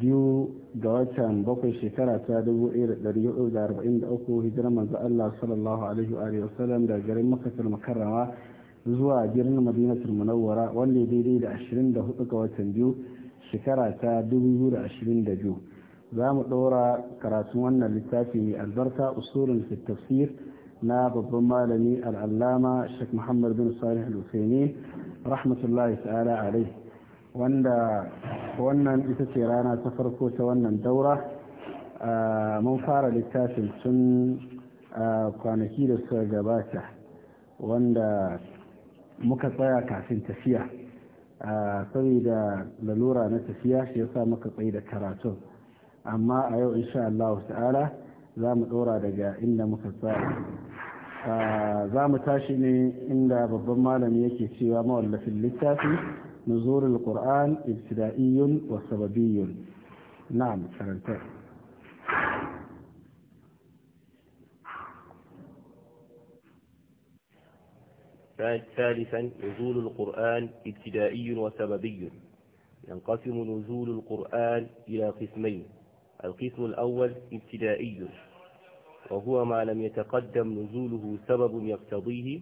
biyu ga watan bakwai shekara ta dubu da da da arba'in uku hijirar manzo Allah sallallahu alaihi wa sallam daga garin makatul makarrama zuwa birnin madinatul munawwara wanda daidai da ashirin da hudu ga watan biyu shekara ta dubu da ashirin 2022 za mu ɗora karatun wannan littafi mai albarka usulun fi tafsir na babban malami al'allama shek muhammad bin salih al rahmatullahi ta'ala alaihi wanda wannan ita ce rana ta farko ta wannan daura mun fara littafin tun kwanaki da suka gabata wanda muka tsaya kafin tafiya saboda lalura na tafiya shi yasa muka tsaye da taratun amma a yau insha Allah ta'ala za mu ɗora daga inda muka tsaya za mu tashi ne inda babban malami yake cewa mawallafin littafi نزول القرآن ابتدائي وسببي نعم كرنتين ثالثا نزول القرآن ابتدائي وسببي ينقسم نزول القرآن إلى قسمين القسم الأول ابتدائي وهو ما لم يتقدم نزوله سبب يقتضيه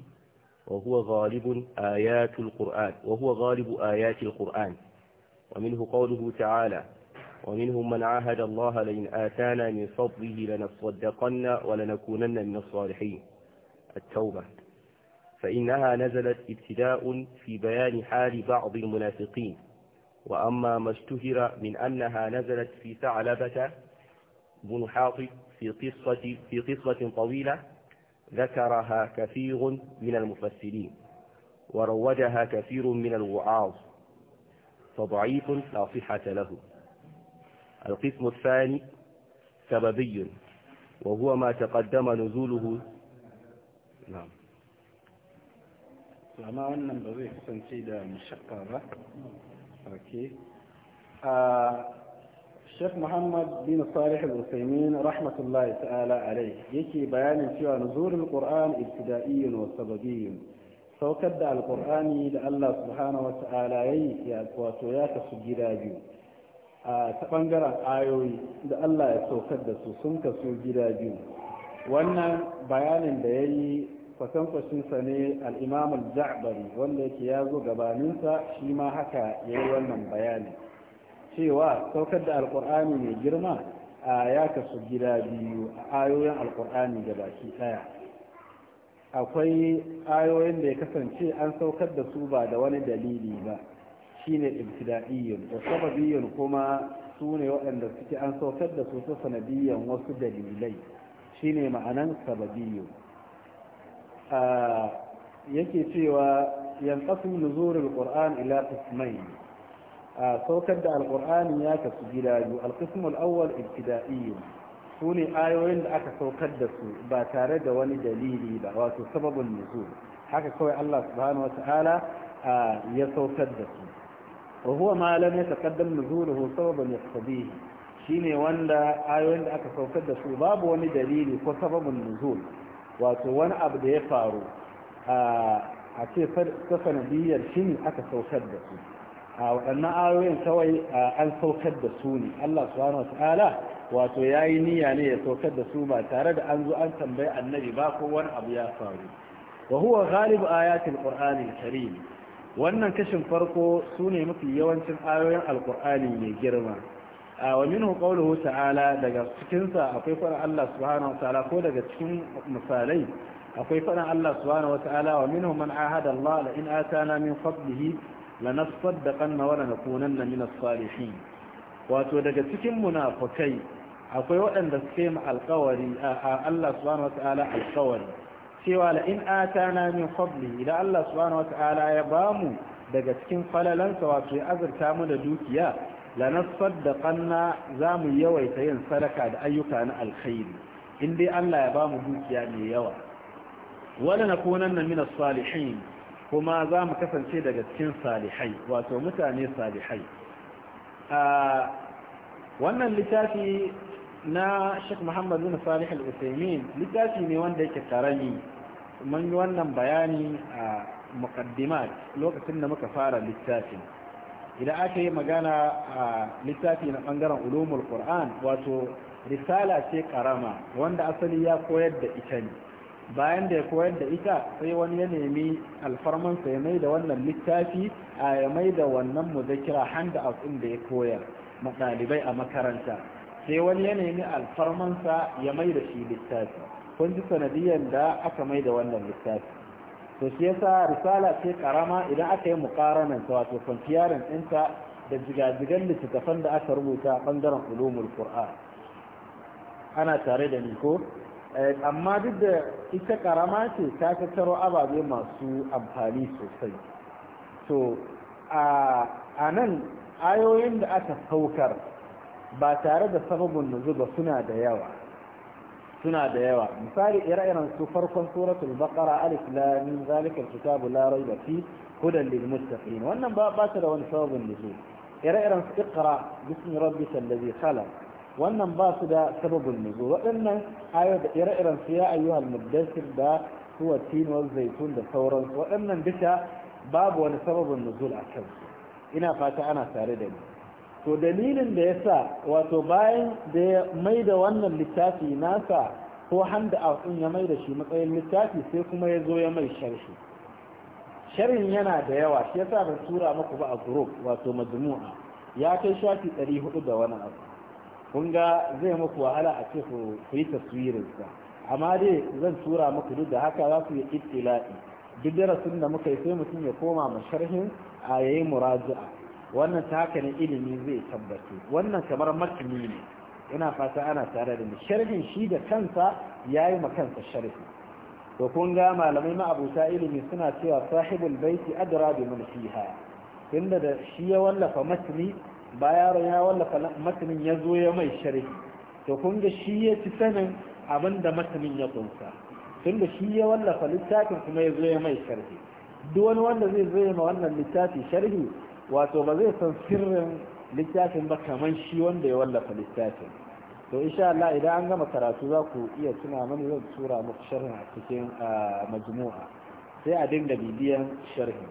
وهو غالب آيات القرآن وهو غالب آيات القرآن ومنه قوله تعالى ومنهم من عاهد الله لئن آتانا من فضله لنصدقن ولنكونن من الصالحين التوبة فإنها نزلت ابتداء في بيان حال بعض المنافقين وأما ما اشتهر من أنها نزلت في ثعلبة بن حاطب في قصة, في قصة طويلة ذكرها كثير من المفسرين وروجها كثير من الوعاظ فضعيف لا صحة له القسم الثاني سببي وهو ما تقدم نزوله نعم لما wannan ba zai kasance أوكي mashakka آه، Sheikh Muhammad bin Salih al-Usaimin rahmatullahi ta'ala alai yake bayanin cewa nuzulul Qur'an ibtida'iyyun wa sababiyyun saukar da al-qur'ani da Allah subhanahu wa ta'ala yayi ya wato ya kasu gida biyu a ta bangaren ayoyi da Allah ya saukar da su sun kasu gida biyu wannan bayanin da yayi kwatankwacinsa ne al-Imam al-Ja'bari wanda yake ya zo gabaninsa shi ma haka yayi wannan bayanin cewa saukar da alkur'ani mai girma a ya kasu gida biyu ayoyin alkur'ani da baki daya akwai ayoyin da ya kasance an saukar da su ba da wani dalili ba shine ibtida'iyyun da sababiyyun kuma su ne waɗanda suke an saukar da su sanadiyyan wasu dalilai shine ma'anan sababiyyun yake cewa yanqasu nuzulul qur'an ila qismayn saukar da alkur'ani ya kasu gida biyu alqismu al-awwal su ne ayoyin da aka saukar da su ba tare da wani dalili ba wato sababin nuzul haka kawai Allah subhanahu wata'ala ya saukar da su wa huwa ma lam yataqaddam nuzuluhu sababan yaqtadihi shine wanda ayoyin da aka saukar da su babu wani dalili ko sababin nuzul wato wani abu da ya faru a ce ta sanadiyar shi ne aka saukar da su a waɗannan ayoyin kawai an saukar da su ne Allah subhanahu wata'ala wato yayi niyya ne ya saukar da su ba tare da an zo an tambayi annabi ba ko wani abu ya faru wa huwa ghalibu ayatil qur'anil karim wannan kashin farko sune mafi yawancin ayoyin alqur'ani mai girma wa minhu qawluhu ta'ala daga cikin sa akwai fara Allah subhanahu wata'ala ko daga cikin misalai akwai fara Allah subhanahu wata'ala wa minhum man ahada Allah la in atana min fadlihi lanasaddaqanna wa lanakunanna min as-salihin wato daga cikin munafikai akwai waɗanda suke mu alƙawari Allah subhanahu wataala alƙawari cewa la in atana min fadli idan Allah subhanahu wataala ya bamu daga cikin falalansa wato ya azurta mu da dukiya ƙanna za mu yawaita yin sadaka da ayyuka na alkhairi in dai Allah ya bamu dukiya mai yawa wala nakunanna min as-salihin kuma za mu kasance daga cikin salihai wato mutane salihai a wannan littafi na Sheikh Muhammad bin Salih al littafi ne wanda yake karami mun yi wannan bayani a muqaddimat lokacin da muka fara littafin idan aka yi magana a littafi na bangaren ulumul Qur'an wato risala ce karama wanda asali ya koyar da ita ne bayan da ya koyar da ita sai wani ya nemi alfarmansa ya mai da wannan littafi a ya mai da wannan muzakira handa a ɗin da ya koyar ɗalibai a makaranta sai wani ya nemi alfarmansa ya mai da shi littafi kun ji sanadiyar da aka mai da wannan littafi to shi yasa risala ce karama idan aka yi mukaranan ta wato kwanciyarin ɗinta da jigajigan littattafan da aka rubuta bangaren ulumul qur'an ana tare da ni ko Eh, amma duk da ita karama ce ta tattaro ababe masu amfani sosai to a nan ayoyin da aka saukar ba tare da sababin nuzu ba suna da yawa suna da yawa misali ire-iren su farkon suratul baqara alif lam Zalikar, zalika alkitabu la rayba fi hudan lil muttaqin wannan ba ba ta da wani sababin nuzu ire-iren su iqra bismi rabbikal ladhi khalaq wannan ba su da sababin nuzul waɗannan ayar da ire-iren su ya ayyuhal muddassir da huwa tinuwar zaitun da sauransu waɗannan duka babu wani sababin nuzul a kan ina fata ana tare da ni to dalilin da ya sa wato bayan da ya mai da wannan littafi nasa ko handa a ɗin ya mai da shi matsayin littafi sai kuma ya zo ya mai sharhi sharhin yana da yawa shi yasa ban tura muku ba a group wato majmu'a ya kai shafi 400 da wani abu kun ga zai muku wahala a ce ku yi taswirinsa amma dai zan tura muku duk da haka za ku yi ittila'i duk darasin da muka yi sai mutum ya koma ma sharhin a yayi muraji'a wannan ta haka ne ilimi zai tabbaci. wannan kamar matni ne ina fata ana tare da ni sharhin shi da kansa yayi ma kansa sharhi to kun ga malamai ma'abuta ilimi suna cewa sahibul baiti adra bi man fiha tunda da shi ya wallafa matni ba yaron ya wallafa matanin ya zo ya mai sharhi to kun ga shi ya ci sanin abin da matanin ya kunsa tun da shi ya wallafa littafin kuma ya zo ya mai sharhi duk wani wanda zai zo ya ma wannan littafi sharhi wato ba zai san sirrin littafin ba kamar shi wanda ya wallafa littafin to insha Allah idan an gama karatu za ku iya tuna mani zan tura muku sharhin a cikin ah, majmu'a sai a dinga bibiyan sharhin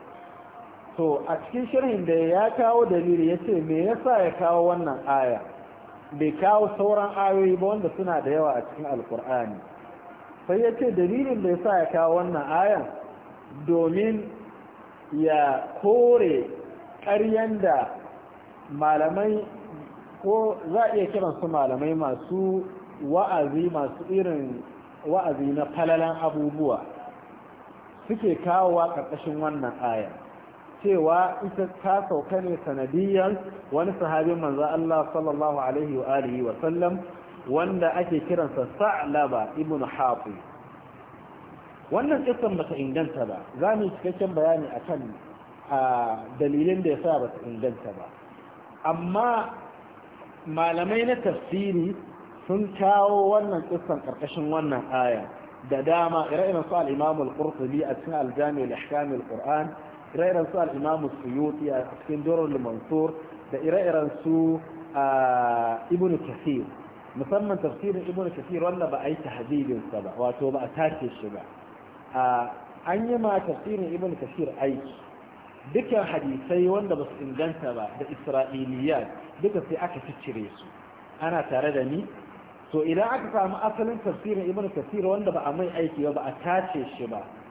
to a cikin shirin da ya kawo dalili ya ce me yasa ya kawo wannan aya bai kawo sauran ayoyi ba wanda suna da yawa a cikin alkur'ani sai ya ce dalilin da ya sa ya kawo wannan aya domin ya kore ƙaryan da malamai ko za a iya kiransu malamai masu wa'azi masu irin wa'azi na falalan abubuwa suke kawowa ƙarƙashin wannan ayan cewa ita ta sauka ne sanadiyar wani sahabin manzo Allah sallallahu alaihi wa alihi wa sallam wanda ake kiransa Sa'laba ibn Hafiz wannan kissan bata inganta ba za mu cikakken bayani akan dalilin da yasa bata inganta ba amma malamai na tafsiri sun kawo wannan kisan karkashin wannan aya da dama ire-iren su al-Imam al-Qurtubi a cikin al-Jami' al-Ahkam al-Qur'an ire-iren su al suyuti a cikin doron mansur da ire-iren su Ibn kathir musamman tafsirin Ibn kathir wanda ba a yi tahdidin ba wato ba a tace shi ba an yi ma tafsirin Ibn kathir aiki dukkan hadisai wanda ba su inganta ba da isra'iliyat duka sai aka ciccire su ana tare da ni to idan aka samu asalin tafsirin Ibn kathir wanda ba a mai aiki ba ba a tace shi ba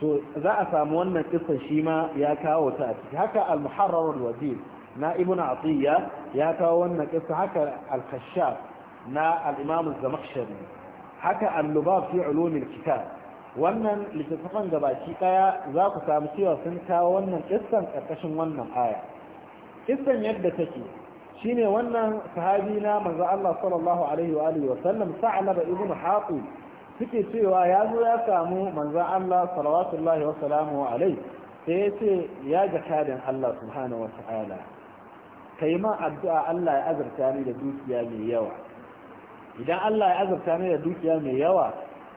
to za a samu wannan kisan shi ma ya kawo ta a ciki haka al-muharrarul wazir na ibnu atiya ya kawo wannan kisa haka al-kashaf na al-imam az-zamakhshari haka al-lubab fi ulum al-kitab wannan littattafan gabaki daya za ku samu cewa sun kawo wannan kissan karkashin wannan aya kissan yadda take shine wannan sahabi na manzo Allah sallallahu alaihi wa alihi wa sallam sa'laba ibnu hatib suke cewa ya zo ya samu manzan Allah salawatullahi wa salamu alai sai ya ce ya jakadan Allah subhanahu wa ta'ala kai ma addu'a Allah ya azurta ni da dukiya mai yawa idan Allah ya azurta ni da dukiya mai yawa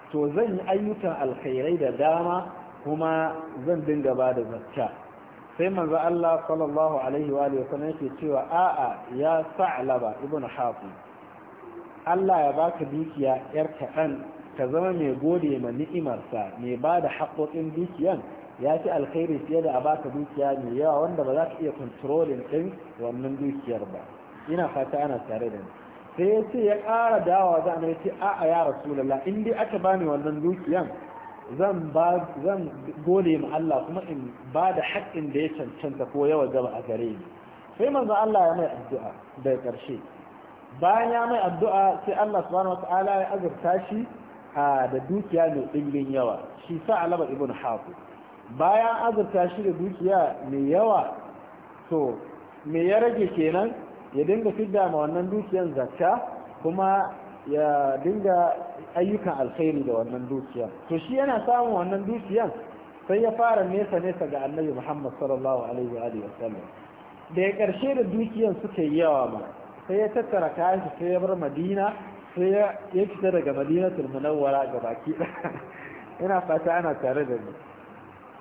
to zan yi ayyukan alkhairai da dama kuma zan dinga ba da zakka sai manzo Allah sallallahu alaihi wa sallam yake cewa a'a ya sa'laba ibn hafi Allah ya baka dukiya yar kaɗan ka zama mai gode ma ni'imarsa mai ba da haƙoƙin dukiyan ya fi alkhairi fiye da a baka dukiya mai yawa wanda ba za ka iya kontrolin ɗin wannan dukiyar ba ina fata ana tare da ni sai ya ce ya ƙara dawa za a ce a a ya in dai aka bani wannan dukiyan zan ba zan gode ma Allah kuma in ba da haƙƙin da ya cancanta ko yawa gaba a gare ni sai manzo Allah ya mai addu'a daga ƙarshe bayan ya mai addu'a sai Allah subhanahu wataala ya azurta shi a da dukiya mai ɗimbin yawa shi sa alaba ibn hafu bayan azurta shi da dukiya mai yawa to me ya rage kenan ya dinga fidda ma wannan dukiyan zakka kuma ya dinga ayyukan alkhairi da wannan dukiyan to shi yana samun wannan dukiyan sai ya fara nesa nesa ga annabi muhammad sallallahu alaihi wa alihi wasallam da ya karshe da dukiyan suka yi yawa ma sai ya tattara kayan sai ya bar madina sai ya fita daga madinatul munawwara ga baki ina fata ana tare da ni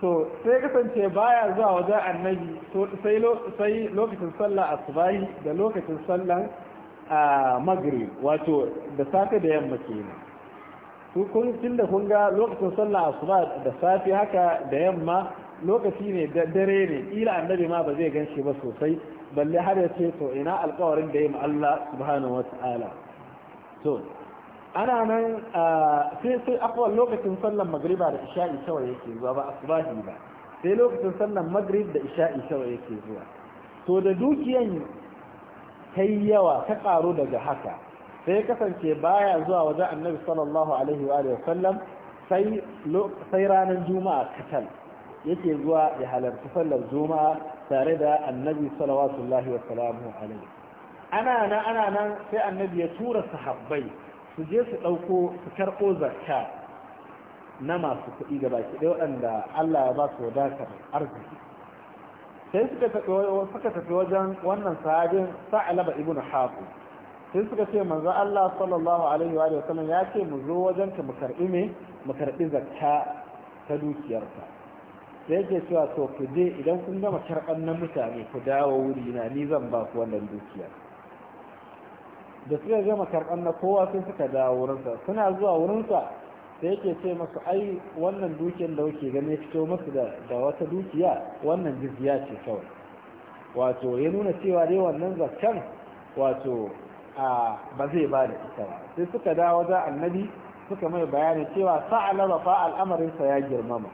to sai kasance baya zuwa wajen annabi sai lokacin sallah asubahi da lokacin sallan a wato da safe da yamma kenan su kun tun da kun ga lokacin sallah asuba da safe haka da yamma lokaci ne da dare ne ila annabi ma ba zai gan shi ba sosai balle har ya ce to ina alƙawarin da ya ma Allah subhanahu wa to ana nan sai sai akwai lokacin sallan magriba da isha'i kawai yake zuwa ba asbahi ba sai lokacin sallan magrib da isha'i kawai yake zuwa to da dukiyan ta yi yawa ta karu daga haka sai kasance baya zuwa wajen annabi sallallahu alaihi wa sallam sai sai ranar juma'a katal yake zuwa ya halarci sallar juma'a tare da annabi sallallahu alaihi wa sallam ana nan ana nan sai annabi ya tura sahabbai su je su ɗauko su karɓo zakka na masu kuɗi gaba baki ɗaya waɗanda Allah ya ba su wadatar arziki sai suka tafi suka tafi wajen wannan sahabin Sa'alaba ibn Hafu sai suka ce manzo Allah sallallahu alaihi wa sallam ya ce mu zo wajen ka mu karɓi me mu karbi zakka ta dukiyarka sai yake cewa to ku je idan kun gama karban na mutane ku dawo wuri na ni zan ba ku wannan dukiyar da suka gama karɓar na kowa sai suka dawo wurinsa suna zuwa wurinsa sai yake ce masu ai wannan dukiyar da kuke gani fito masu da wata dukiya wannan jizya ce kawai wato ya nuna cewa dai wannan zakkan wato a ba zai ba da ita ba sai suka dawo da annabi suka mai bayani cewa sa'alaba fa al'amarinsa ya girmama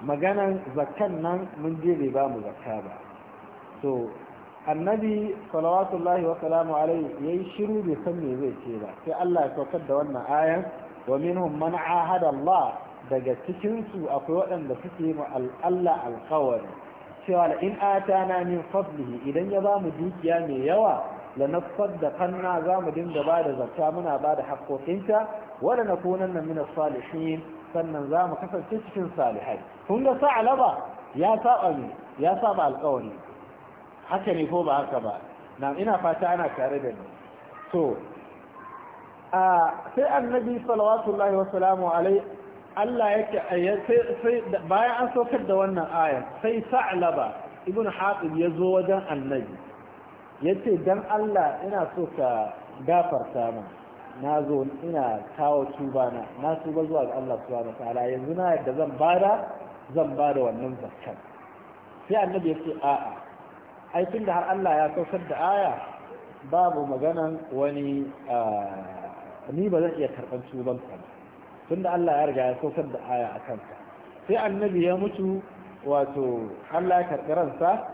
maganan zakkan nan mun je bai ba mu zakka ba to annabi salawatullahi wa salamu alaihi yayi shiru bai san me zai ce ba sai Allah ya saukar da wannan ayar wa minhum man ahada Allah daga cikin su akwai waɗanda suke ma Allah alƙawari cewa in atana min fadlihi idan ya bamu dukiya mai yawa la nasaddaqanna za mu dinga ba da zakka muna ba da haƙoƙinta wa la nakunanna min as-salihin sannan za mu kasance cikin salihai kun ga sa'alaba ya saba ne ya saba alƙawari haka ne ko ba haka ba na ina fata ana tare da ni to sai annabi salawatullahi wasalamu alai Allah yake eh, sai bayan an saukar da wannan ayar sai sa'laba ibn hatib ya zo wajen annabi ya ce don Allah ina so ka gafarta ma na zo ina kawo tuba na na tuba zuwa ga Allah subhanahu wa ta'ala yanzu na yadda zan bada zan bada wannan zakkar sai annabi ya ce a'a ai da har Allah ya saukar da aya babu maganan wani ni ba zan iya karɓar tuban ka tunda Allah ya riga ya saukar da aya a kanka sai annabi ya mutu wato Allah ya karɓi ransa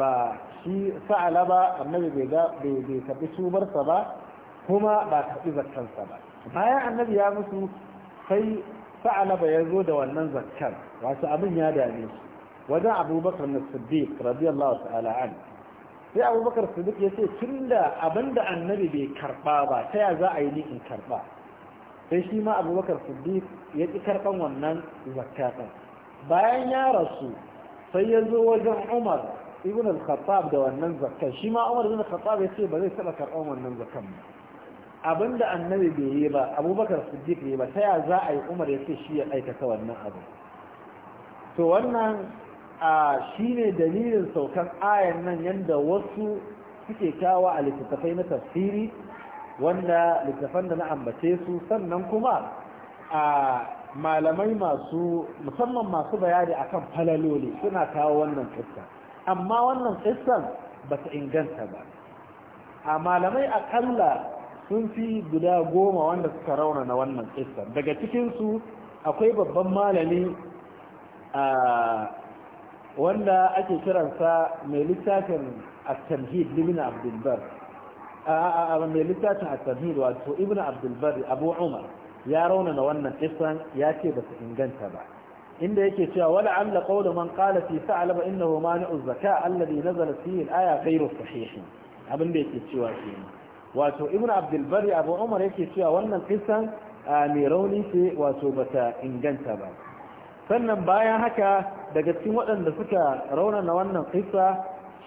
ba shi sa'ala ba annabi bai ga bai karɓi tubarsa ba kuma ba karbi zakkansa ba bayan annabi ya mutu sai ba ya zo da wannan zakkan wato abin ya dame shi wajen abubakar na siddiq radiyallahu ta'ala an sai abubakar siddiq ya ce tun da annabi bai karba ba ta ya za a yi ni in sai shi abubakar siddiq ya ƙi karban wannan zakka bayan ya rasu sai yazo zo wajen umar ibn al-khattab da wannan zakkan shi umar ibn al-khattab ya ce ba zai taɓa karban wannan zakkan ba abinda annabi bai yi ba abubakar ba za a yi umar yace shi ya aikata wannan abin to wannan a ne dalilin saukan ayan nan yadda wasu suke kawo a littattafai na tafsiri wanda littattafan da na ambace su sannan kuma a malamai masu musamman masu bayani akan falaloli suna kawo wannan kissa amma wannan kissan ba ta inganta ba a malamai akalla sun fi guda goma wanda suka rauna na wannan kissan daga cikinsu akwai babban malami a wanda ake kiransa mai littafin at-tamhid ibn abdul bar mai littafin at-tamhid wato ibn abdul bar abu umar ya raunana wannan isan ya ce ba su inganta ba inda yake cewa wala alla qawlu man qala fi sa'laba innahu mani'u zaka alladhi nazala fihi al-aya ghayru sahih abin da yake cewa kenan wato ibn abdul bar abu umar yake cewa wannan kisan mai rauni ce wato bata inganta ba sannan bayan haka daga cikin waɗanda suka raunana wannan kisa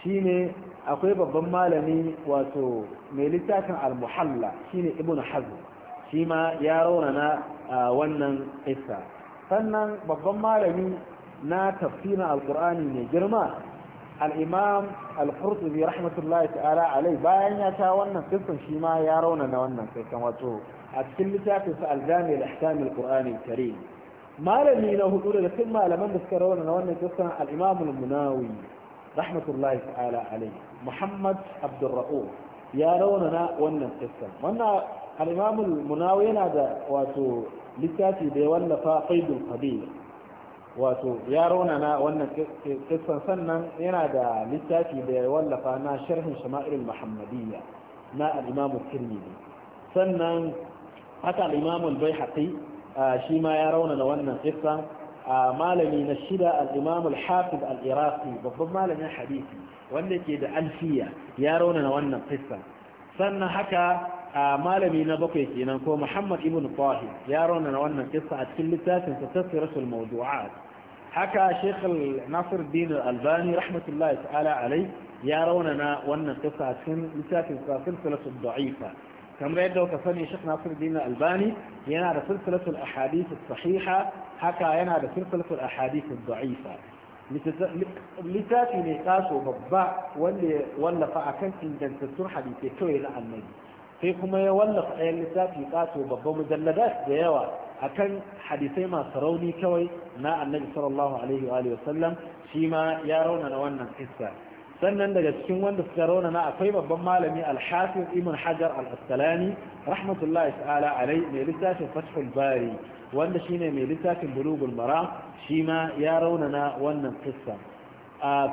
shine akwai babban malami wato mai littafin al-muhalla shine ibnu hazm shi ma ya raunana wannan kisa sannan babban malami na tafsirin alkur'ani mai girma al'imam al-hurtubi rahmatullahi ta'ala alai bayan ya ta wannan kissan shi ma ya raunana wannan kissan wato a cikin littafinsa aljami da ihkamil qur'ani karim malami na hudu daga cikin malaman da suka rawana na wannan kisan al-Imam al-Munawi rahmatullahi ta'ala alayhi Muhammad Abdurra'uf ya rawana na wannan kisan wannan al munawi yana da wato littafi da ya wallafa Faidul Qadir wato ya rauna na wannan kisan sannan yana da littafi da ya wallafa na sharhin shama'il muhammadiyya na al-Imam Tirmidhi sannan haka al-Imam al-Baihaqi shi ma ya raunana wannan a malami na shida al imamul al-hafiz al irasi babban malamin hadisi wanda ke da alfiya ya raunana wannan kissan sannan haka malami na bakwai kenan ko muhammad ibn tahir ya raunana wannan kissa a cikin littafin sa tafsiratul mawdu'at haka sheikh nasir din albani rahmatullahi ta'ala alai ya raunana wannan kissa a cikin littafin sa silsilatul da'ifa kamar yadda kuka sani Sheikh Nasiruddin Albani yana da silsilatul ahadith sahiha haka yana da silsilatul ahadith da'ifa littafi ne kaso babba wanda wallafa akan ingantattun hadisai kawai na annabi sai kuma ya wallafa ɗayan littafi kaso babba mujalladat da yawa akan hadisai masu rauni kawai na annabi sallallahu alaihi wa sallam shi ma ya raunana wannan kissa sannan daga cikin wanda suka rauna na akwai babban malami alhafiz ibn hajar al-asqalani rahmatullahi ta'ala alai mai littafin fathul bari wanda shine mai littafin bulugul mara shi ma ya rauna na wannan kissa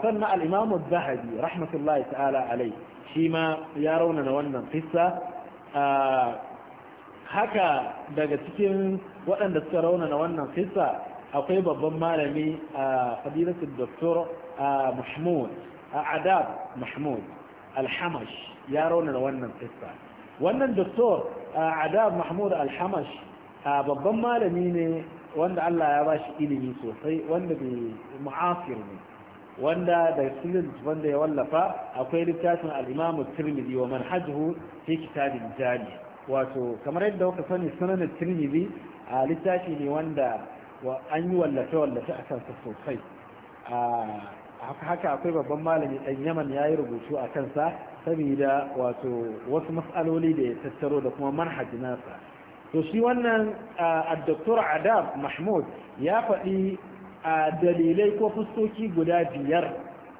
sannan al-imam az-zahabi rahmatullahi ta'ala alai shi ma ya rauna na wannan kissa haka daga cikin waɗanda suka rauna na wannan kissa akwai babban malami a fadilatul doktor mahmud adab mahmud alhamash ya raunar wannan fista wannan doktor adab mahmud alhamash babban malami ne wanda Allah ya bashi ilimi sosai wanda bai mu'asir ne wanda da sunan wanda ya wallafa akwai littafin al-Imam Tirmidhi wa manhajuhu fi kitabin jami wato kamar yadda kuka sani sunan Tirmidhi a littafi ne wanda an yi wallafe wallafe a kansa sosai haka akwai babban malami ɗan yaman ya yi rubutu a kansa saboda wato wasu matsaloli da ya tattaro da kuma manhaji nasa to shi wannan addoktor adab mahmud ya faɗi a dalilai ko fuskoki guda biyar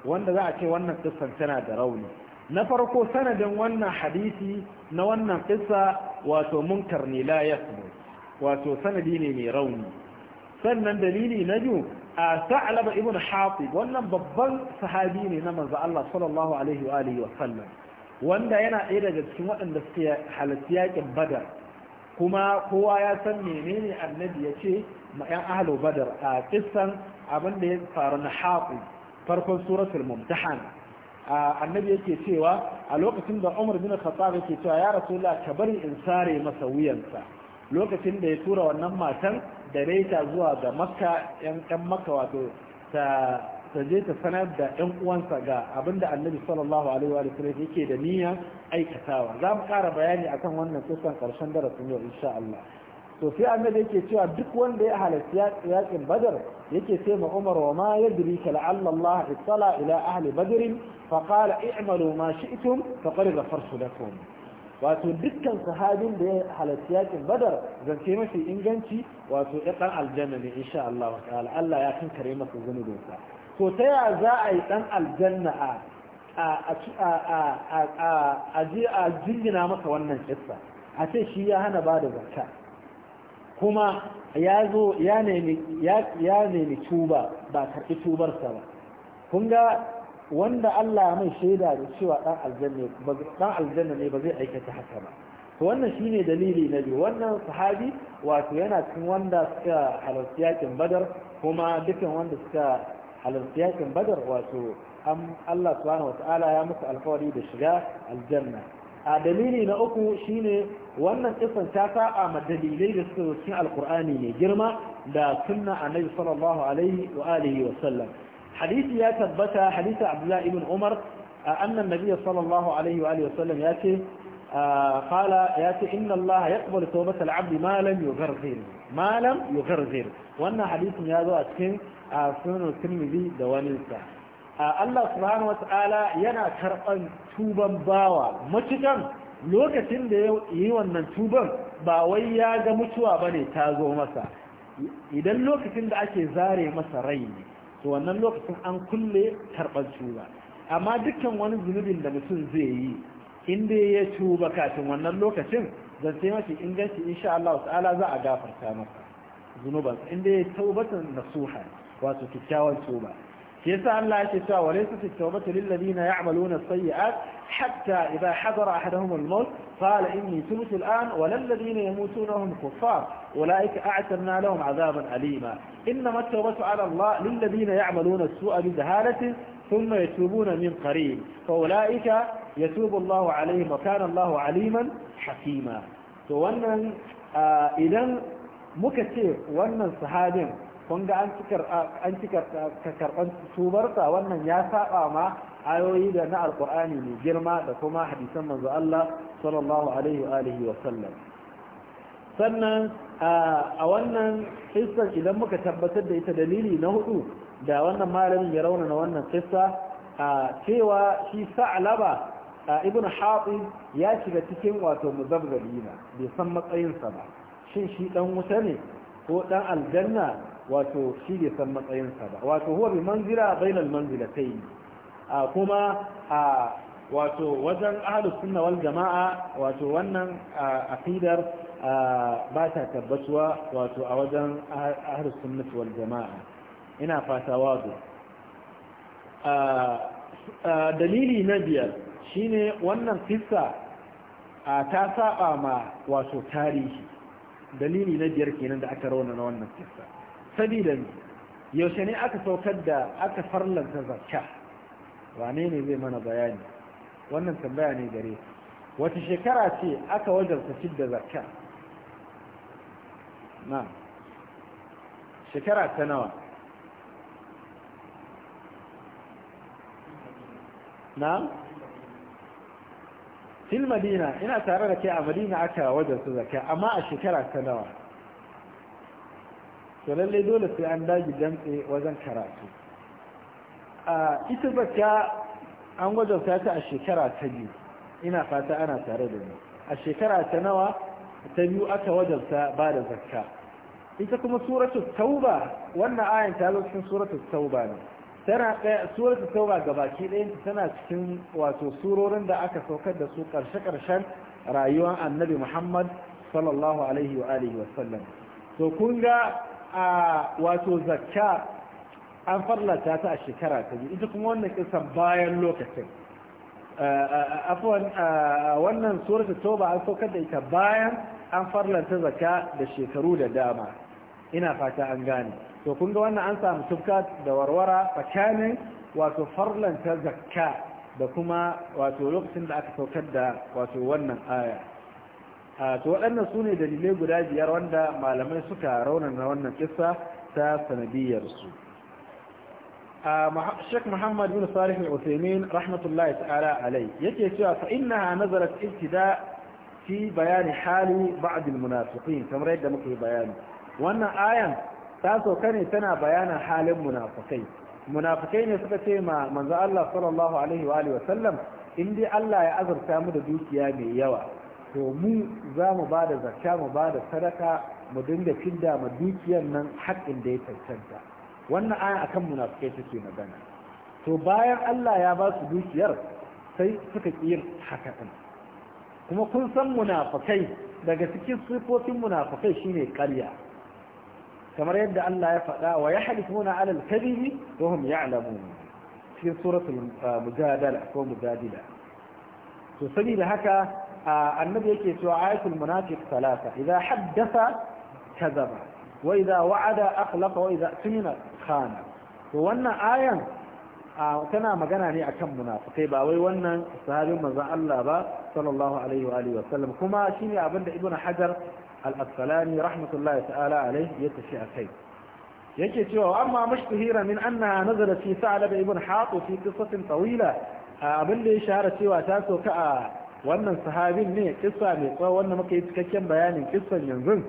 wanda za a ce wannan kisan tana da rauni na farko sanadin wannan hadisi na wannan kissa wato munkar ne la wato sanadi ne mai rauni sannan dalili na biyu sa'alaba ibn hatib wannan babban sahabi ne na manzo Allah sallallahu alaihi wa alihi wa sallam wanda yana ɗaya daga cikin waɗanda suke halarci yakin badar kuma kowa ya san menene annabi ya ce ma yan ahlu badar a kissan abin da ya faru na hatib farkon suratul mumtahana annabi yake cewa a lokacin da Umar bin Khattab yake cewa ya Rasulullah ka bari in sare masa wuyansa lokacin da ya tura wannan matan tsareta zuwa ga makka yan makka wato ta ta je ta sanar da yan uwansa ga abinda annabi sallallahu alaihi wa sallam yake da niyyar aikatawa za mu ƙara bayani akan wannan kusan karshen darasin yau insha Allah to sai annabi yake cewa duk wanda ya halarci yakin badar yake ce ma umar wa ma yadri ka la'alla Allah ittala ila ahli badr fa qala i'malu ma shi'tum qad ghafartu lakum wato dukkan sahabin da ya halarci yakin badar zance mafi inganci wato ya dan aljanna ne insha Allah wa ta'ala Allah ya kankare masa zunubin sa to ta ya za a yi dan aljanna a a a a a jingina masa wannan kissa a ce shi ya hana ba da zakka kuma ya zo ya nemi ya nemi tuba ba karɓi tubarsa ba kun ga wanda Allah mai shaida da cewa dan aljanna dan aljanna ne ba zai aikata haka ba to wannan shine dalili na biyu wannan sahabi wato yana cikin wanda suka halarci yakin badar kuma dukan wanda suka halarci yakin badar wato an Allah subhanahu wataala ya musu alkawari da shiga aljanna a dalili na uku shine wannan kisan ta saba ma dalilai da suka cikin alkur'ani ne girma da sunna annabi sallallahu alaihi wa alihi wa sallam hadisi ya tabbata hadisi abdullahi ibn umar annan nabiy sallallahu alaihi wa alihi ya ce qala ya ce inna allah yaqbalu tawbata al-abd ma lam wannan hadisin ya zo a cikin sunan da wani Allah subhanahu yana karɓan tuban bawa matukan lokacin da ya yi wannan tuban ba wai ya ga mutuwa ba ne ta zo masa idan lokacin da ake zare masa rai ne to wannan lokacin an kulle karɓar tuba amma dukkan wani zunubin da mutum zai yi inda ya tuba kafin wannan lokacin zan sai mafi inganci insha Allah ala za a gafarta masa zunuban inda ya taubatan nasuha wato kyakkyawan tuba shi yasa Allah ce cewa walaysa tawbatu lil na ya'maluna sayyi'at حتى إذا حضر أحدهم الموت قال إني تمت الآن ولا الذين يموتون هم كفار أولئك أعترنا لهم عذابا أليما إنما التوبة على الله للذين يعملون السوء بجهالة ثم يتوبون من قريب فأولئك يتوب الله عليهم وكان الله عليما حكيما فوانا آه، إذا مكثير وانا صحابين kun ga an cikar an tubarsa wannan ya saba ma ayoyi da na Alƙur'ani mai girma da kuma hadisan manzo Allah sallallahu alaihi wa alihi wa sallam sannan a wannan kissa idan muka tabbatar da ita dalili na hudu da wannan malamin ya raunana wannan kissa cewa shi a ibn hafiz ya shiga cikin wato muzabzabina bai san matsayinsa ba shin shi ɗan wuta ne ko ɗan aljanna wato shi ne san matsayinsa ba wato huwa bi manzila bainal manzilatayn a kuma a wato wajen ahlus sunna wal jama'a wato wannan aqidar ba ta tabbatuwa wato a wajen ahlus sunna wal jama'a ina fata wazo dalili na biyar shine wannan kissa ta saba ma wato tarihi dalili na biyar kenan da aka rauna na wannan kissa sabida yaushe ne aka saukar da aka farlanta zakka wane ne zai mana bayani wannan tambaya ne gare wata shekara ce aka wajarta fidda zakka na shekara ta nawa na fil madina ina tare da ke a madina aka wajarta zakka amma a shekara ta nawa to lallai dole sai an daji damtse wajen karatu a ita zakka an wajabta ta a shekara ta biyu ina fata ana tare da ni a shekara ta nawa ta biyu aka wajabta ba da zakka ita kuma suratul tauba wannan ayan ta zo cikin suratul tauba ne tana ɗaya suratul tauba gabaki ɗayanta tana cikin wato surorin da aka saukar da su ƙarshe ƙarshen rayuwar annabi muhammad sallallahu alaihi wa alihi wa sallam to kun ga a wato zakka an farlata ta a shekara ta biyu ita kuma wannan kisan bayan lokacin afwan wannan surata toba an saukar da ita bayan an farlanta zakka da shekaru da dama ina fata an gane to kun ga wannan an samu tufka da warwara tsakanin wato farlanta zakka da kuma wato lokacin da aka saukar da wato wannan aya to waɗannan su ne dalilai guda biyar wanda malamai suka raunana wannan kisa ta sanadiyarsu Sheikh Muhammad bin Salih al-Uthaymeen rahmatullahi ta'ala alai yake cewa fa innaha nazarat ibtida fi bayani hali ba'd al-munafiqin kamar yadda muke bayani wannan ayan ta sauka ne tana bayanin halin munafikai munafikai ne suka ce ma manzo Allah sallallahu alaihi wa alihi wa sallam in dai Allah ya azurta mu da dukiya mai yawa to mu za mu ba da zakka mu ba da sadaka mu dinga fidda ma dukiyar nan haƙƙin da ya cancanta wannan aya akan munafikai take magana to bayan Allah ya ba su dukiyar sai suka ƙi haka din kuma kun san munafikai daga cikin sifofin munafikai shine ƙarya kamar yadda Allah ya faɗa wa yahlifuna alal kadhibi wa hum ya'lamun cikin suratul ah, mujadala ko mujadila to saboda haka annabi yake cewa ayatul munafiq salasa idza haddatha kadhaba wa idza wa'ada akhlafa wa idza tumina khana to wannan ayan tana magana ne akan munafikai ba wai wannan sahabin manzon Allah ba sallallahu alaihi wa alihi wa sallam kuma shine abinda ibn hajar al-asqalani rahmatullahi ta'ala alaihi ya tafi akai yake cewa amma mashhira min annaha nazala fi sa'lab ibn hatib fi qissatin tawila abinda ya shahara cewa ta soka a wannan sahabin ne kissa mai tsawo wanda muka yi cikakken bayanin kissan yanzu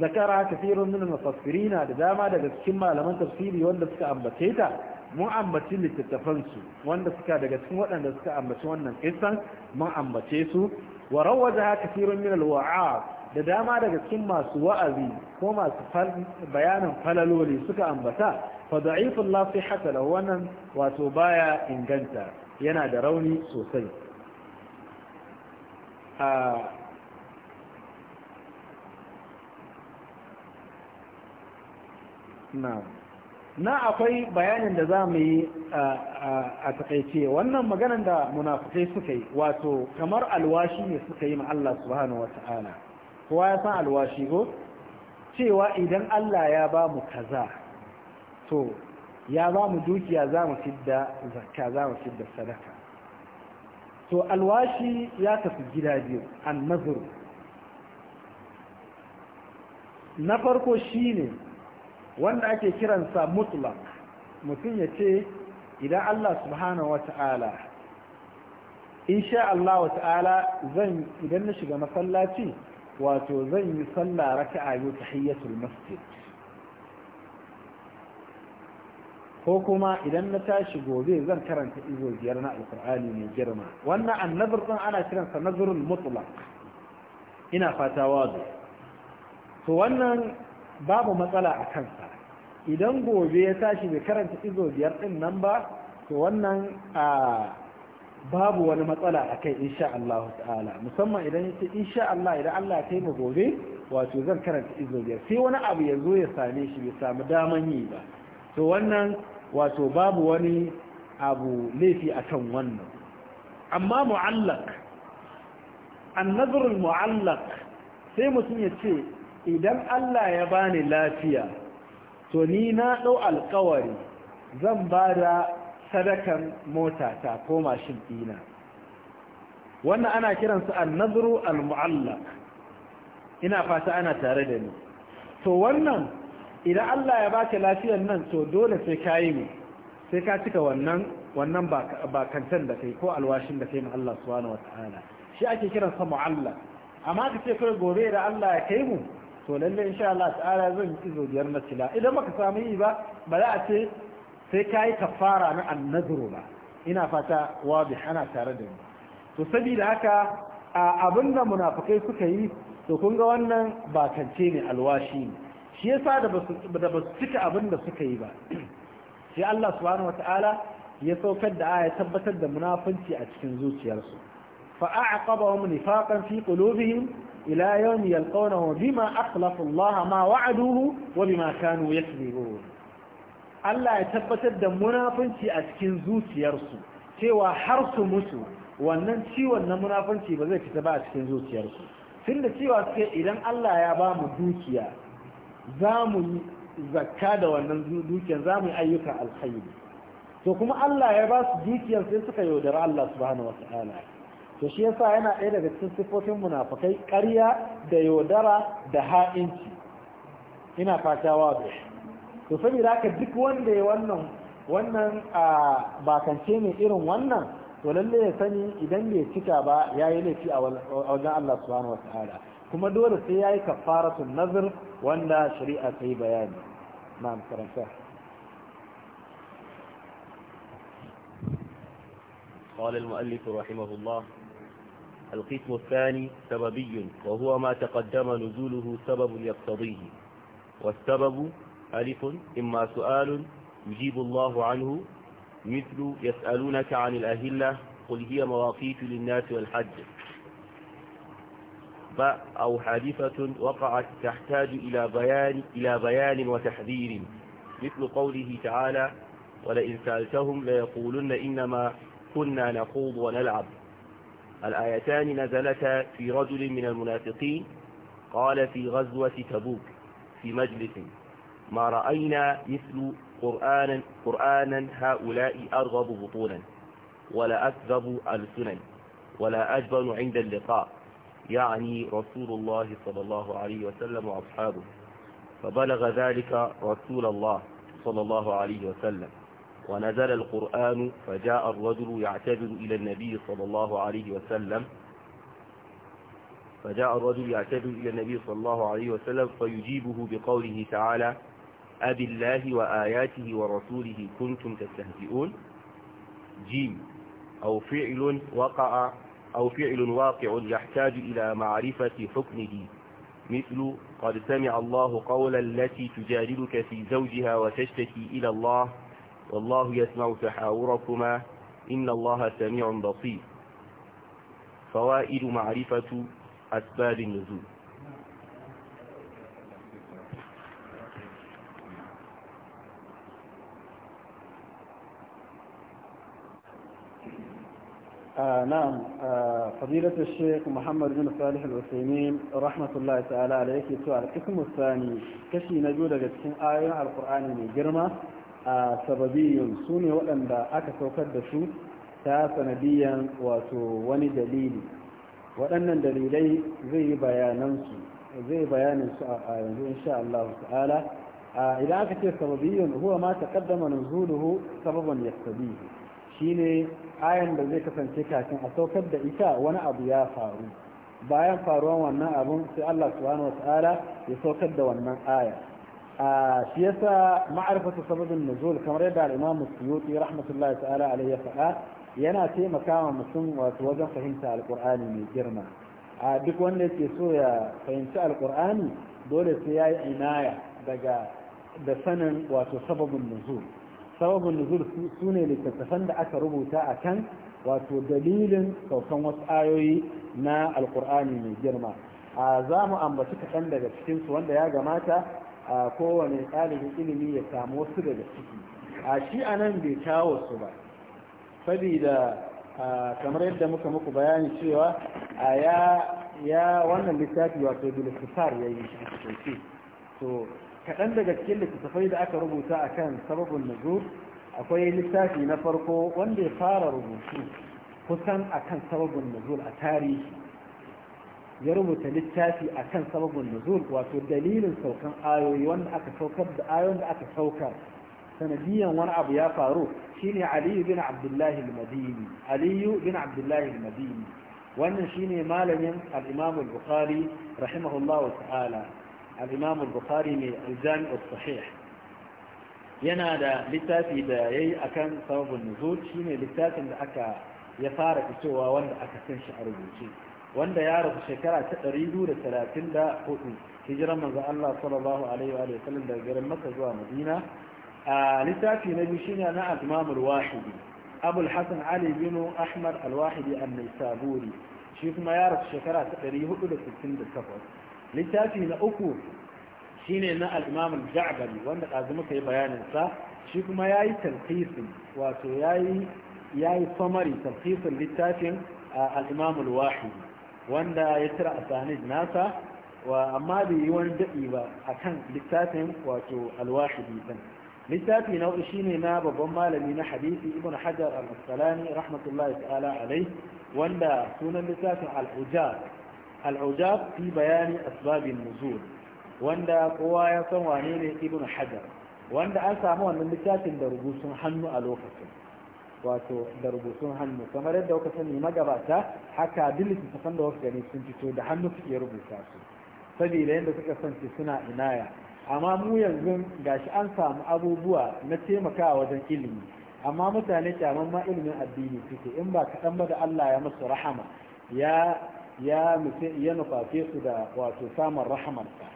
zakara kafirun min mufassirina da dama daga cikin malaman tafsiri wanda suka ambace ta mun ambaci littattafan su wanda suka daga cikin waɗanda suka ambaci wannan kissan mun ambace su wa rawaja kafirun min alwa'a da dama daga cikin masu wa'azi ko masu bayanin falaloli suka ambata fa da'ifun la sihhata wannan wato baya inganta yana da rauni sosai na akwai bayanin da za mu yi a takaice wannan maganan da munafukai suka yi wato kamar alwashi ne suka yi ma Allah subhanahu wata'ala kowa ya san alwashi ko cewa idan Allah ya ba mu kaza to ya ba mu dukiya za mu fidda zakka za mu fidda sadaka to alwashi ya tafi gida biyu an annazur na farko shi ne wanda ake kiransa mutlak mutum ya ce idan Allah subhanahu wata'ala insha Allah ta'ala zan idan na shiga masallaci wato zan yi sallah raka'a yau tahiyyatul masjid ko kuma idan na tashi gobe zan karanta izo biyar na alkur'ani mai girma wannan annazar din ana kiransa nazarul mutlaq ina fata wazo to wannan babu matsala a kansa idan gobe ya tashi bai karanta izo biyar ɗin nan ba to wannan a babu wani matsala a kai insha Allah ta'ala musamman idan ya ce insha Allah idan Allah ya kai mu gobe wato zan karanta izo biyar sai wani abu ya zo ya same shi bai samu daman yi ba to wannan wato babu wani abu laifi akan wannan amma mu'allak annazrul mu'allak sai mutum ya ce idan Allah ya bani lafiya to ni na ɗau alƙawari zan ba da sadakan mota ta ko mashin ɗina. wannan ana kiransa annazru al-mu'allaq ina fata ana tare da ni to wannan idan Allah ya baka lafiyar nan to dole sai ka yi mu sai ka cika wannan wannan bakantan da kai ko alwashin da kai ma Allah subhanahu wataala shi ake kiran sa mu'alla amma ka ce kai gobe da Allah ya kai mu to lalle insha Allah ta'ala zan yi na nasila idan baka samu yi ba ba za a ce sai ka yi kafara na annazuru ba ina fata wabi ana tare da mu to sabida haka abin da munafikai suka yi to kun ga wannan bakance ne alwashi ne shi yasa da ba su cika abin da suka yi ba sai Allah subhanahu wata'ala ya saukar da aya tabbatar da munafunci a cikin zuciyarsu fa a'aqabahum nifaqan fi qulubihim ila yawmi yalqawnahu bima akhlafu Allah ma wa'aduhu wa bima kanu yakzibun Allah ya tabbatar da munafunci a cikin zuciyarsu cewa har su mutu wannan ciwon na munafunci ba zai fita ba a cikin zuciyarsu tunda cewa sai idan Allah ya ba mu dukiya za mu yi zakka da wannan dukiyar za mu yi ayyukan alkhairi to kuma Allah ya ba su dukiyar sai suka yaudari Allah subhanahu ta'ala to shi yasa yana ɗaya daga cikin sifofin munafukai ƙarya da yaudara da ha'inci ina fata wa da to saboda haka duk wanda ya wannan wannan a bakance ne irin wannan to lalle ya sani idan bai cika ba yayi laifi a wajen Allah subhanahu ta'ala kuma dole sai yayi kafaratun nazar wanda shari'a ta yi bayani na'am karanta قال المؤلف رحمه الله القسم الثاني سببي وهو ما تقدم نزوله سبب يقتضيه والسبب ألف إما سؤال يجيب الله عنه مثل يسألونك عن الأهلة قل هي مواقيت للناس والحج أو حادثة وقعت تحتاج إلى بيان, إلى بيان وتحذير مثل قوله تعالى ولئن سألتهم ليقولن إنما كنا نخوض ونلعب الآيتان نزلتا في رجل من المنافقين قال في غزوة تبوك في مجلس ما رأينا مثل قرآنا, قرآنا هؤلاء أرغب بطونا ولا أكذب ألسنا ولا أجبن عند اللقاء يعني رسول الله صلى الله عليه وسلم وأصحابه فبلغ ذلك رسول الله صلى الله عليه وسلم ونزل القرآن فجاء الرجل يعتذر إلى النبي صلى الله عليه وسلم فجاء الرجل يعتذر إلى النبي صلى الله عليه وسلم فيجيبه بقوله تعالى أبي الله وآياته ورسوله كنتم تستهزئون جيم أو فعل وقع أو فعل واقع يحتاج إلى معرفة حكمه مثل قد سمع الله قول التي تجادلك في زوجها وتشتكي إلى الله والله يسمع تحاوركما إن الله سميع بصير فوائد معرفة أسباب النزول آه نعم آه فضيلة الشيخ محمد بن صالح العثيمين رحمة الله تعالى عليه سؤال القسم الثاني كشي نجود جسم آية القرآن من جرمة آه سببي سوني وأن لا da كدسو ta sanadiyan wato wani dalili waɗannan dalilai zai yi bayanansu zai bayanin su a yanzu insha Allah ta'ala idan aka ce sababiyyun huwa ma taqaddama nuzuluhu sababan yastabihi shine ayan da zai kasance kafin a saukar da ita wani abu ya faru bayan faruwan wannan abun sai Allah subhanahu wata'ala ya saukar da wannan aya a shi yasa ma'arifatu sababin nuzul kamar yadda al-Imam Suyuti rahmatullahi ta'ala alayhi ya faɗa yana taimakawa mutum wato wajen fahimta alqur'ani mai girma a duk wanda yake so ya fahimci alqur'ani dole sai yayi inaya daga da sanin wato sababin nuzul sababin nuzul su ne littattafan da aka rubuta a kan wato dalilin saukan wasu ayoyi na alkur'ani mai girma a za mu ambaci kaɗan daga cikinsu wanda ya gamata a kowane ɗalibin ilimi ya samu wasu daga ciki a shi a nan bai kawo su ba sabida kamar yadda muka muku bayani cewa a ya wannan littafi wato bilisifar ya yi shi to kaɗan daga cikin littattafai da aka rubuta a kan sababin nuzul akwai littafi na farko wanda ya fara rubutu kusan a kan sababin nuzul a tarihi ya rubuta littafi a kan sababin nuzul wato dalilin saukan ayoyi wanda aka saukar da ayoyin da aka saukar sanadiyan wani abu ya faru shine aliyu bin abdullahi al-madini aliyu bin abdullahi al-madini wannan shine malamin al-imam al-bukhari rahimahullahu ta'ala al-imam ne bukhari mai al sahih yana da littafi da yayi akan sababin shi shine littafin da aka ya fara fitowa wanda aka san shi a rubuce wanda ya rasu shekara ta 234 hijiran manzo Allah sallallahu alaihi wa sallam daga garin Makka zuwa Madina a littafi na biyu shine na al-imam al-wahidi abul hasan ali bin ahmad al-wahidi an-nisaburi shi kuma ya rasu shekara ta 468 littafi na uku shine na al-imam wanda ɗazu muka yi bayanin sa shi kuma yi talqisin wato ya yi summary talqisin littafin a imam wanda ya tira asanid nasa wa amma bai yi wani daɗi ba kan littafin wato al-wahidi littafi na uku shine na babban malami na hadisi ibn hajar al-asqalani rahmatullahi ta'ala alai wanda sunan littafin al al'ujab fi bayani asbabin nuzul wanda kowa ya san wane ne ibn hajar wanda an samu wannan littafin da rubutun hannu a lokacin wato da rubutun hannu kamar yadda kuka sani magabata haka ta san da kuka gani sun fito da hannu suke rubuta su saboda yadda suka sanci suna inaya amma mu yanzu gashi an samu abubuwa na taimakawa wajen ilimi amma mutane kyaman ma ilimin addini suke in ba kaɗan ba da Allah ya masu rahama ya ya nufi nufafe su da wato samun rahamarsa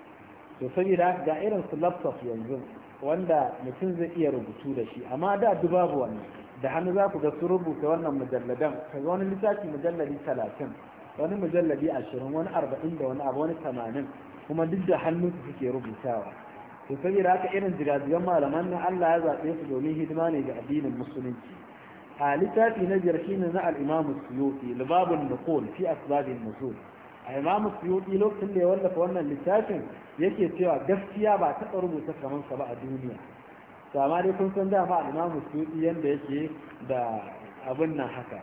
to saboda ga irin su laptop yanzu wanda mutum zai iya rubutu da shi amma da dubabu da hannu za ku ga su rubuta wannan mujalladan kaga wani littafi mujalladi talatin wani mujalladi ashirin wani arba'in da wani abu wani tamanin kuma duk da hannun su suke rubutawa to saboda haka irin jiragen malaman nan Allah ya zaɓe su domin hidima ne ga addinin musulunci a littafi na biyar ne na al-Imam Suyuti Libabun fi Asbabin a Imam Suyuti lokacin da ya wallafa wannan littafin yake cewa gaskiya ba ta rubuta kamar sa ba a duniya to amma dai kun san dama Imam Suyuti yanda yake da abin nan haka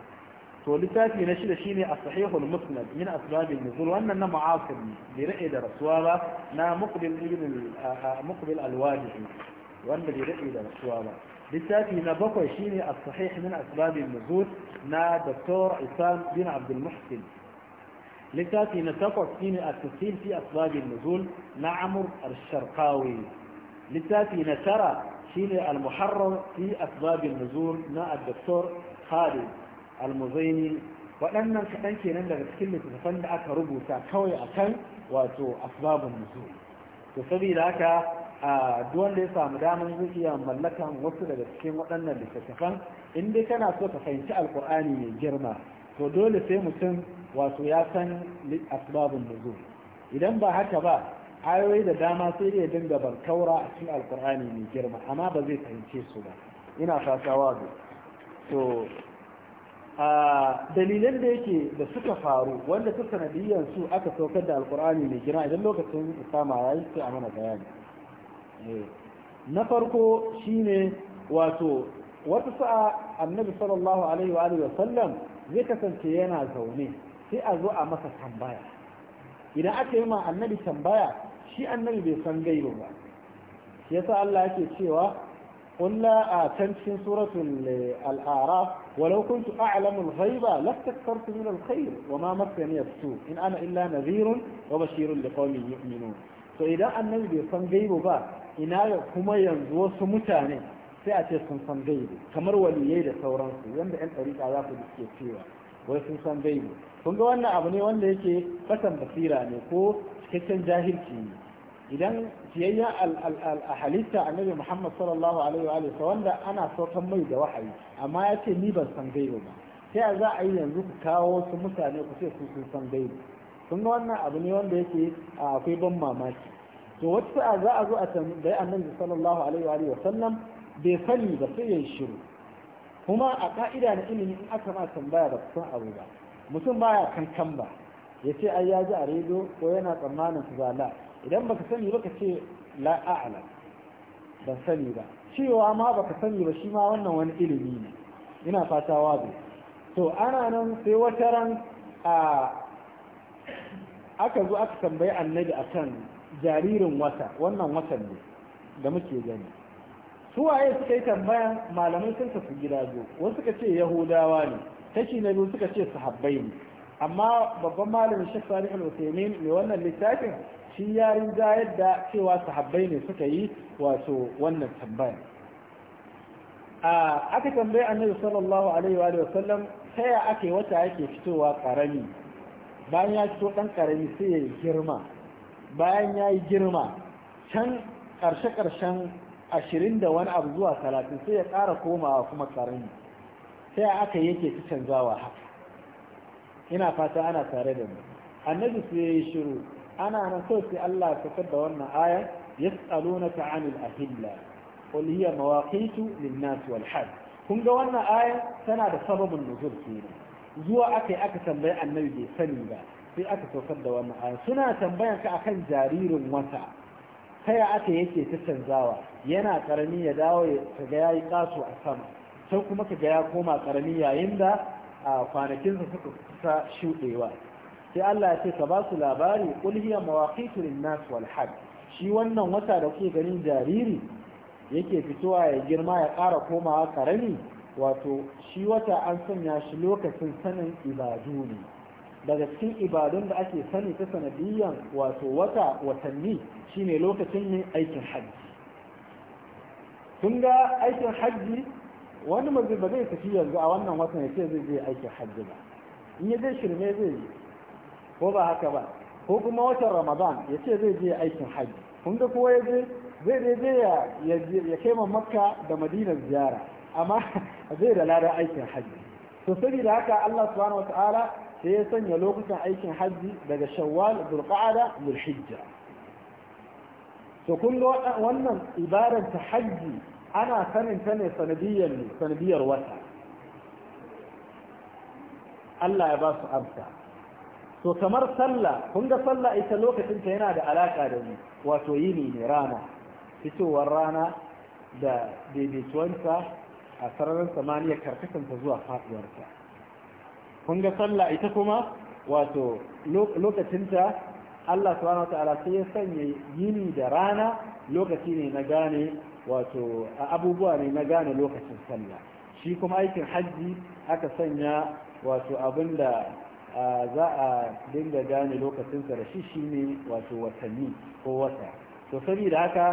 to littafi na shida shine a sahihul musnad min asbabin nuzul wannan na mu'asir ne bai rade da rasuwa ba na muqbil ibn wanda bai rade da rasuwa ba لسافي نبقى شيني الصحيح من أسباب النزول نا دكتور عسان بن عبد المحسن لسافي نتقى شيني التسيل في أسباب النزول نا عمر الشرقاوي لسافي نترى شيني المحرم في أسباب النزول نا الدكتور خالد المزيني وأنا نتحكي نملك كلمة تفنعك ربو ساكوي أكل واتو أسباب النزول تسبي لك a wanda ya samu damar zai iya mallakan wasu daga cikin waɗannan littattafan in dai kana so ka fahimci alkur'ani mai girma to dole sai mutum wato ya san asbabun nuzul idan ba haka ba ayoyi da dama sai dai dinga barkaura a cikin alkur'ani mai girma amma ba zai fahimce su ba ina fata wazo to a dalilan da yake da suka faru wanda ta sanadiyyar su aka saukar da alkur'ani mai girma idan lokacin isama ya yi sai a mana bayani na farko shine wato wata sa'a annabi sallallahu alaihi wa zai kasance yana zaune sai a zo a masa tambaya idan aka yi ma annabi tambaya shi annabi bai san gaibu ba shi yasa Allah yake cewa kulla a can cikin suratul al'ara walau kuntu a'lamul ghaiba lastakartu min al-khair wa ma massani as-su in ana illa nadhirun wa bashirun liqawmin yu'minun to idan annabi bai san gaibu ba ina ya kuma yanzu wasu mutane sai a ce sun san gaibu kamar waliyai da sauransu yanda yan ɗariƙa za su ke cewa wai sun san gaibu kun ga wannan abu ne wanda yake kasan basira ne ko cikakken jahilci ne idan ciyayyen halitta annabi muhammad sallallahu alaihi wa sa wanda ana saukan mai da wahayi amma ya ce ni ban san gaibu ba sai a za a yi yanzu ku kawo wasu mutane ku ce sun san gaibu kun ga wannan abu ne wanda yake akwai ban mamaki to wata sa'a za a zo a tambayi annabi sallallahu alaihi wa sallam bai sani ba sai ya shiru kuma a ka'ida na ilimi in aka ma tambaya ba kusan abu ba mutum baya kankan ba ya ce ai ya ji a rediyo ko yana tsammanin su zala idan baka sani ba ka ce la ban sani ba cewa ma baka sani ba shi ma wannan wani ilimi ne ina fata wazo to ana nan sai wata ran a aka zo aka tambayi annabi akan jaririn wata wannan watan ne da muke gani su waye suka yi tambaya malamai sun su gida zo wasu suka ce yahudawa ne tashi na biyu suka ce sahabbai ne amma babban malamin shek salih al mai wannan littafin shi ya rinja yadda cewa sahabbai ne suka yi wato wannan tambaya aka tambayi annabi sallallahu alaihi wa sallam ta ya ake wata yake fitowa karami bayan ya fito ɗan ƙarami sai ya yi girma bayan ya yi girma can ƙarshe-ƙarshen ashirin da wani abu zuwa talatin sai ya ƙara komawa kuma ƙarami sai aka yake ta canzawa haka ina fata ana tare da mu annabi su ya yi shiru ana nan kawai sai Allah ya fitar da wannan aya Ya tsalo na ta'anil a mawaqitu lin-nas wal kun ga wannan aya tana da sababin nuzul kenan zuwa aka yi aka tambayi annabi bai sani ba sai aka saukar da wannan aya suna tambayan ka akan jaririn wata ta ya aka yake ta canzawa yana karami ya dawo ka ga yayi kaso a sama sai kuma ka ga ya koma karami yayin da kwanakinsa suka kusa shuɗewa sai Allah ya ce ka ba su labari qul hiya mawaqitu lin-nas wal hajj shi wannan wata da kuke ganin jariri yake fitowa ya girma ya ƙara komawa karami wato shi wata an sanya shi lokacin sanin ibadu ne daga cikin ibadun da ake sani ta sanadiyan wato wata watanni shine lokacin yin aikin hajji Tun ga aikin hajji wani mazi ba zai tafi yanzu a wannan watan ya ce zai je aikin hajji ba in ya zai shirme zai yi ko ba haka ba ko kuma watan ramadan ya ce zai je aikin hajji kun ga kowa ya je zai je ya kai makka da madinar ziyara amma zai da ladan aikin hajji to saboda haka Allah subhanahu wataala sai ya sanya lokutan aikin hajji daga shawwal zulqa'ada zulhijja to kun ga wannan ibarar ta hajji ana sanin ta ne sanadiyar sanadiyar wata Allah ya ba su amsa to kamar sallah kun ga sallah ita lokacin ta yana da alaka da ni wato yini ne rana fitowar rana da daidaituwanta a sararin samaniya karkasanta zuwa faduwarta kun ga sallah ita kuma wato lokacinta Allah subhanahu wata'ala sai ya sanya yini da rana lokaci ne na gane wato abubuwa ne na gane lokacin sallah shi kuma aikin hajji aka sanya wato abinda za a dinga gane lokacinsa da shi ne wato watanni ko wata to saboda haka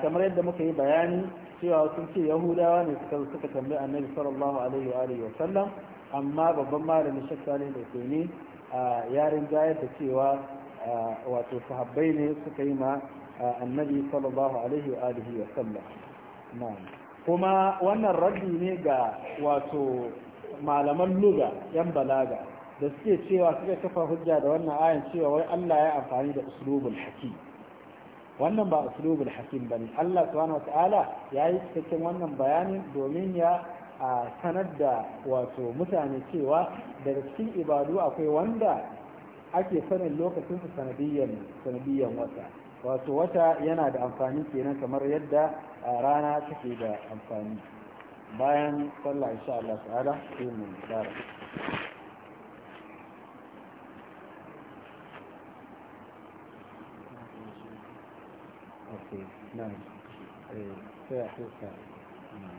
kamar yadda muka yi bayani cewa sun ce yahudawa ne suka suka tambayi annabi sallallahu alaihi wa alihi wa sallam amma babban malami shakka ne da ne yarin gayar da cewa wato sahabbai ne suka yi ma annabi sallallahu alaihi wa alihi wa sallam na'am kuma wannan raddi ne ga wato malaman luga yan balaga da suke cewa suka kafa hujja da wannan ayan cewa wai Allah ya amfani da uslubul hakim wannan ba uslubul hakim bane Allah subhanahu wataala ya yi cikakken wannan bayanin domin ya sanar da wato mutane cewa daga cikin ibadu akwai wanda ake sanin lokacin su sanadiyyan wata wato wata yana da amfani kenan kamar yadda rana take da amfani bayan sallah insha Allah ta'ala sai mu fara اوكي نعم ايه سيحيوك